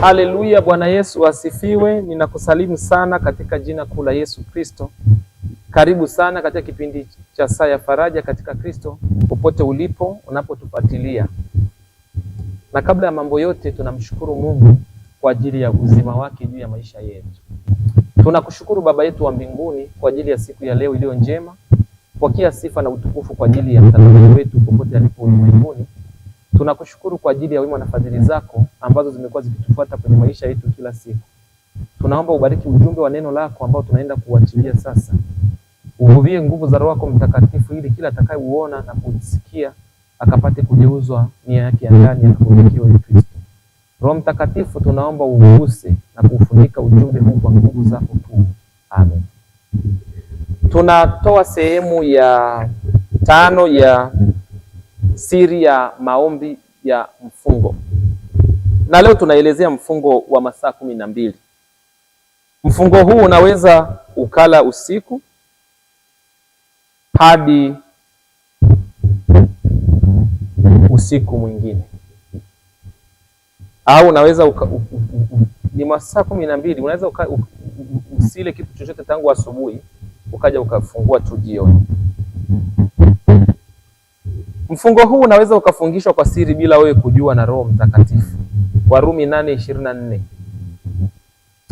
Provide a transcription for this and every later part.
Haleluya, Bwana Yesu asifiwe. Ninakusalimu sana katika jina kuu la Yesu Kristo. Karibu sana katika kipindi cha saa ya faraja katika Kristo, popote ulipo unapotufuatilia. Na kabla ya mambo yote, tunamshukuru Mungu kwa ajili ya uzima wake juu ya maisha yetu. Tunakushukuru Baba yetu wa mbinguni kwa ajili ya siku ya leo iliyo njema. Pokea sifa na utukufu kwa ajili ya mtangazaji wetu popote alipo ulimwenguni Tunakushukuru kwa ajili ya wema na fadhili zako ambazo zimekuwa zikitufuata kwenye maisha yetu kila siku. Tunaomba ubariki ujumbe wa neno lako ambao tunaenda kuachilia sasa. Uvuvie nguvu za Roho yako Mtakatifu ili kila atakayeuona na kusikia akapate kugeuzwa nia yake ya ndani akaelekea Kristo. Roho Mtakatifu, tunaomba uguse na kufunika ujumbe huu kwa nguvu zako tu. Amen. Tunatoa sehemu ya tano ya siri ya maombi ya mfungo, na leo tunaelezea mfungo wa masaa kumi na mbili. Mfungo huu unaweza ukala usiku hadi usiku mwingine, au unaweza uka, u, u, u, ni masaa kumi na mbili, unaweza uka, u, usile kitu chochote tangu asubuhi ukaja ukafungua tu jioni. Mfungo huu unaweza ukafungishwa kwa siri bila wewe kujua na Roho Mtakatifu. Warumi 8:24.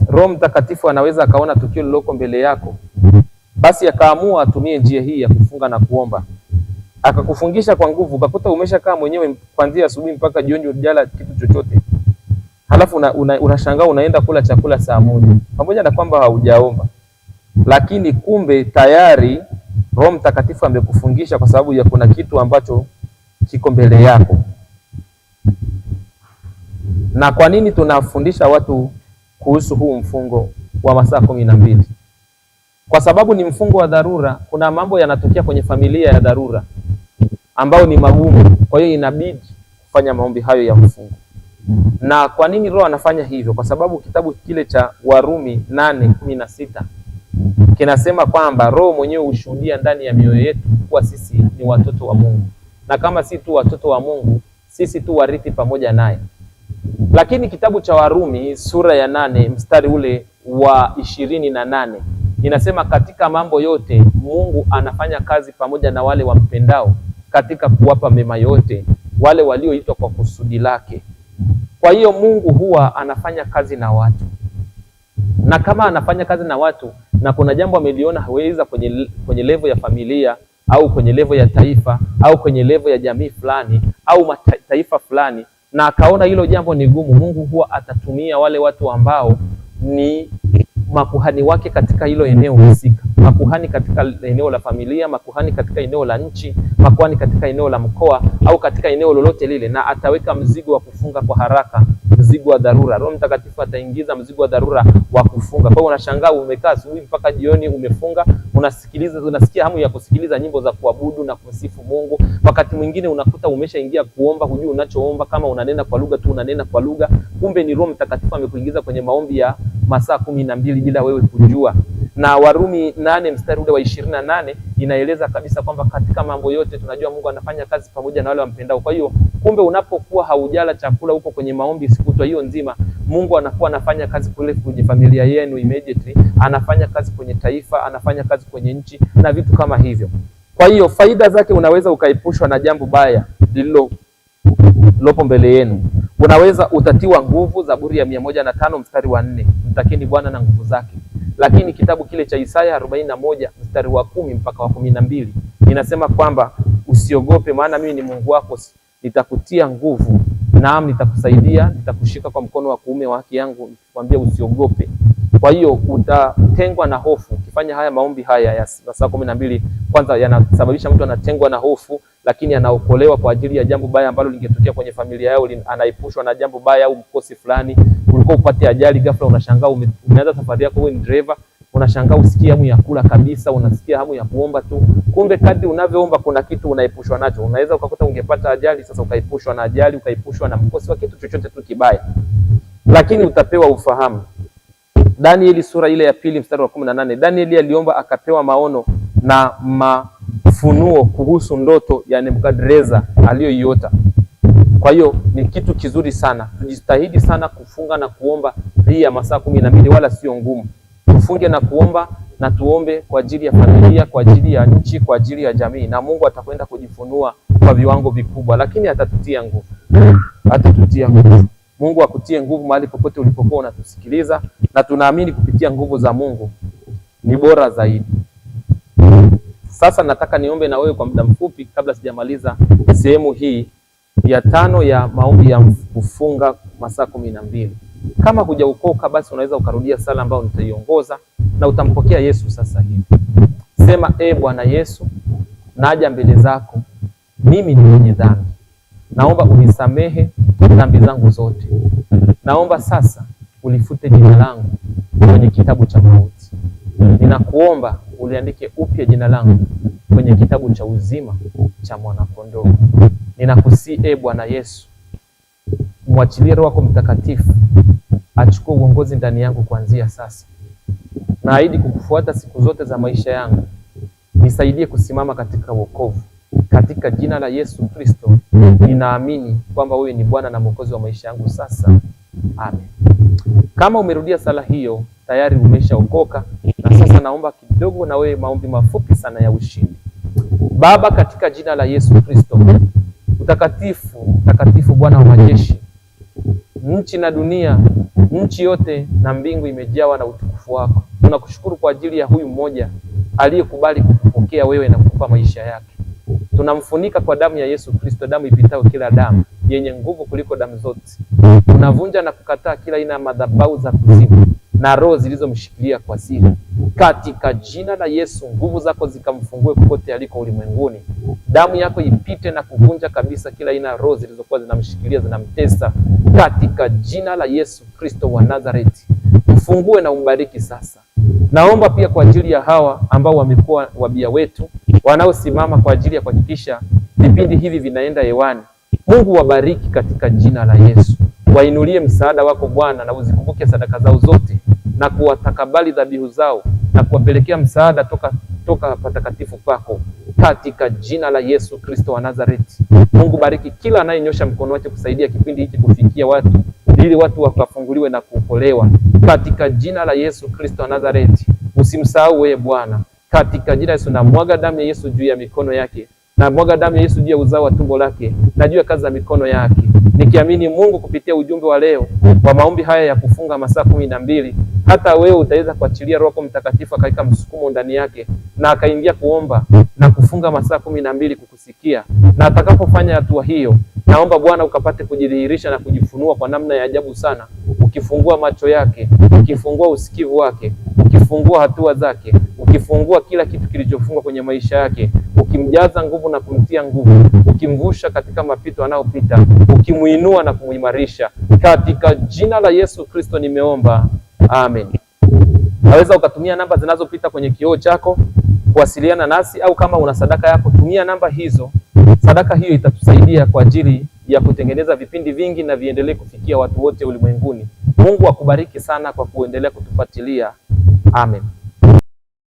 Roho Mtakatifu anaweza akaona tukio lililoko mbele yako, basi akaamua atumie njia hii ya kufunga na kuomba, akakufungisha kwa nguvu, ukakuta umeshakaa mwenyewe kuanzia asubuhi mpaka jioni, ujala kitu chochote, halafu unashangaa una, unaenda kula chakula saa moja, pamoja na kwamba haujaomba, lakini kumbe tayari Roho Mtakatifu amekufungisha kwa sababu ya kuna kitu ambacho kiko mbele yako. Na kwa nini tunafundisha watu kuhusu huu mfungo wa masaa kumi na mbili? Kwa sababu ni mfungo wa dharura. Kuna mambo yanatokea kwenye familia ya dharura ambayo ni magumu, kwa hiyo inabidi kufanya maombi hayo ya mfungo. Na kwa nini Roho anafanya hivyo? Kwa sababu kitabu kile cha Warumi nane kumi na sita kinasema kwamba Roho mwenyewe hushuhudia ndani ya mioyo yetu kuwa sisi ni watoto wa Mungu, na kama si tu watoto wa Mungu, sisi tu warithi pamoja naye. Lakini kitabu cha Warumi sura ya nane mstari ule wa ishirini na nane inasema katika mambo yote Mungu anafanya kazi pamoja na wale wampendao katika kuwapa mema yote wale walioitwa kwa kusudi lake. Kwa hiyo Mungu huwa anafanya kazi na watu, na kama anafanya kazi na watu na kuna jambo ameliona haweza kwenye, kwenye levo ya familia au kwenye levo ya taifa au kwenye levo ya jamii fulani au mataifa fulani, na akaona hilo jambo ni gumu, Mungu huwa atatumia wale watu ambao ni makuhani wake katika hilo eneo husika makuhani katika eneo la familia, makuhani katika eneo la nchi, makuhani katika eneo la mkoa au katika eneo lolote lile, na ataweka mzigo wa kufunga kwa haraka, mzigo wa dharura. Roho Mtakatifu ataingiza mzigo wa dharura wa kufunga. Kwa hiyo unashangaa umekaa asubuhi mpaka jioni umefunga, unasikiliza, unasikia hamu ya kusikiliza nyimbo za kuabudu na kumsifu Mungu. Wakati mwingine unakuta umeshaingia kuomba, hujui unachoomba, kama unanena kwa lugha tu unanena kwa lugha, kumbe ni Roho Mtakatifu amekuingiza kwenye maombi ya masaa kumi na mbili bila wewe kujua na Warumi nane mstari ule wa ishirini na nane inaeleza kabisa kwamba katika mambo yote tunajua Mungu anafanya kazi pamoja na wale wampendao. Kwa hiyo kumbe, unapokuwa haujala chakula huko kwenye maombi sikutwa hiyo nzima, Mungu anakuwa anafanya kazi kule kwenye familia yenu immediately, anafanya kazi kwenye taifa, anafanya kazi kwenye nchi na vitu kama hivyo. Kwa hiyo faida zake, unaweza ukaepushwa na jambo baya lililo lopo mbele yenu. Unaweza utatiwa nguvu, Zaburi ya mia moja na tano mstari wa nne mtakeni Bwana na nguvu zake lakini kitabu kile cha Isaya moja mstari wa kumi mpaka wa kumi na mbili inasema kwamba usiogope, maana mimi ni Mungu wako, nitakutia nguvu, naam, nitakusaidia, nitakushika kwa mkono wa kuume wa haki yangu, nikwambia usiogope. Kwa hiyo utatengwa na hofu ukifanya haya maombi haya ya masaa kumi na mbili. Kwanza yanasababisha mtu anatengwa na hofu, lakini anaokolewa kwa ajili ya jambo baya ambalo lingetokea kwenye familia yao, anaepushwa na jambo baya au mkosi fulani kuliko upate ajali ghafla, unashangaa ume, umeanza safari yako wewe ni driver, unashangaa usikie hamu ya kula kabisa, unasikia hamu ya kuomba tu. Kumbe kadri unavyoomba kuna kitu unaepushwa nacho. Unaweza ukakuta ungepata ajali sasa, ukaepushwa na ajali, ukaepushwa na mkosi wa kitu chochote tu kibaya, lakini utapewa ufahamu. Danieli sura ile ya pili mstari wa kumi na nane Danieli aliomba akapewa maono na mafunuo kuhusu ndoto ya Nebukadreza aliyoiota. Kwa hiyo ni kitu kizuri sana, tujitahidi sana kufunga na kuomba hii ya masaa kumi na mbili, wala sio ngumu. Tufunge na kuomba na tuombe kwa ajili ya familia, kwa ajili ya nchi, kwa ajili ya jamii, na Mungu atakwenda kujifunua kwa viwango vikubwa, lakini atatutia nguvu, atatutia nguvu. Mungu akutie nguvu mahali popote ulipokuwa unatusikiliza, na tunaamini kupitia nguvu za Mungu ni bora zaidi. Sasa nataka niombe na wewe kwa muda mfupi, kabla sijamaliza sehemu hii ya tano ya maombi ya kufunga masaa kumi na mbili. Kama hujaukoka basi unaweza ukarudia sala ambayo nitaiongoza na utampokea Yesu sasa hivi. Sema, e Bwana Yesu, naja mbele zako, mimi ni mwenye dhambi, naomba unisamehe dhambi zangu zote. Naomba sasa ulifute jina langu kwenye kitabu cha mauti. Ninakuomba uliandike upya jina langu kwenye kitabu cha uzima cha mwanakondoo. Ninakusii e ee Bwana Yesu, mwachilie Roho wako Mtakatifu achukue uongozi ndani yangu kuanzia sasa. Naahidi kukufuata siku zote za maisha yangu. Nisaidie kusimama katika wokovu. Katika jina la Yesu Kristo ninaamini kwamba wewe ni Bwana na Mwokozi wa maisha yangu sasa. Amen. Kama umerudia sala hiyo, tayari umeshaokoka. Na sasa naomba kidogo na wewe maombi mafupi sana ya ushindi. Baba, katika jina la Yesu Kristo, utakatifu utakatifu, Bwana wa majeshi, nchi na dunia, nchi yote na mbingu imejawa na utukufu wako. Tunakushukuru kwa ajili ya huyu mmoja aliyekubali kukupokea wewe na kukupa maisha yake. Tunamfunika kwa damu ya Yesu Kristo, damu ipitayo kila damu, yenye nguvu kuliko damu zote. Tunavunja na kukataa kila aina ya madhabahu za kuzimu na roho zilizomshikilia kwa siri, katika jina la Yesu, nguvu zako zikamfungue kokote aliko ulimwenguni. Damu yako ipite na kuvunja kabisa kila aina ya roho zilizokuwa zinamshikilia zinamtesa, katika jina la Yesu Kristo wa Nazareti. Mfungue na umbariki sasa. Naomba pia kwa ajili ya hawa ambao wamekuwa wabia wetu wanaosimama kwa ajili ya kuhakikisha vipindi hivi vinaenda hewani. Mungu wabariki katika jina la Yesu, wainulie msaada wako Bwana, na uzikumbuke sadaka zao zote na kuwatakabali dhabihu zao na kuwapelekea msaada toka, toka patakatifu pako katika jina la Yesu Kristo wa Nazareti. Mungu, bariki kila anayenyosha mkono wake kusaidia kipindi hiki kufikia watu ili watu wakafunguliwe na kuokolewa katika jina la Yesu Kristo wa Nazareti. Usimsahau wewe Bwana katika jina la Yesu. Na mwaga damu ya Yesu juu ya mikono yake, na mwaga damu ya Yesu juu ya uzao wa tumbo lake na juu ya kazi za mikono yake, nikiamini Mungu kupitia ujumbe wa leo wa maombi haya ya kufunga masaa kumi na mbili hata wewe utaweza kuachilia Roho Mtakatifu akaika msukumo ndani yake na akaingia kuomba na kufunga masaa kumi na mbili kukusikia, na atakapofanya hatua hiyo, naomba Bwana ukapate kujidhihirisha na kujifunua kwa namna ya ajabu sana, ukifungua macho yake, ukifungua usikivu wake, ukifungua hatua zake, ukifungua kila kitu kilichofungwa kwenye maisha yake, ukimjaza nguvu na kumtia nguvu, ukimvusha katika mapito anayopita, ukimuinua na kumuimarisha. Katika jina la Yesu Kristo nimeomba. Amen. naweza ukatumia namba zinazopita kwenye kioo chako kuwasiliana nasi, au kama una sadaka yako tumia namba hizo. Sadaka hiyo itatusaidia kwa ajili ya kutengeneza vipindi vingi na viendelee kufikia watu wote ulimwenguni. Mungu akubariki sana kwa kuendelea kutufuatilia. Amen.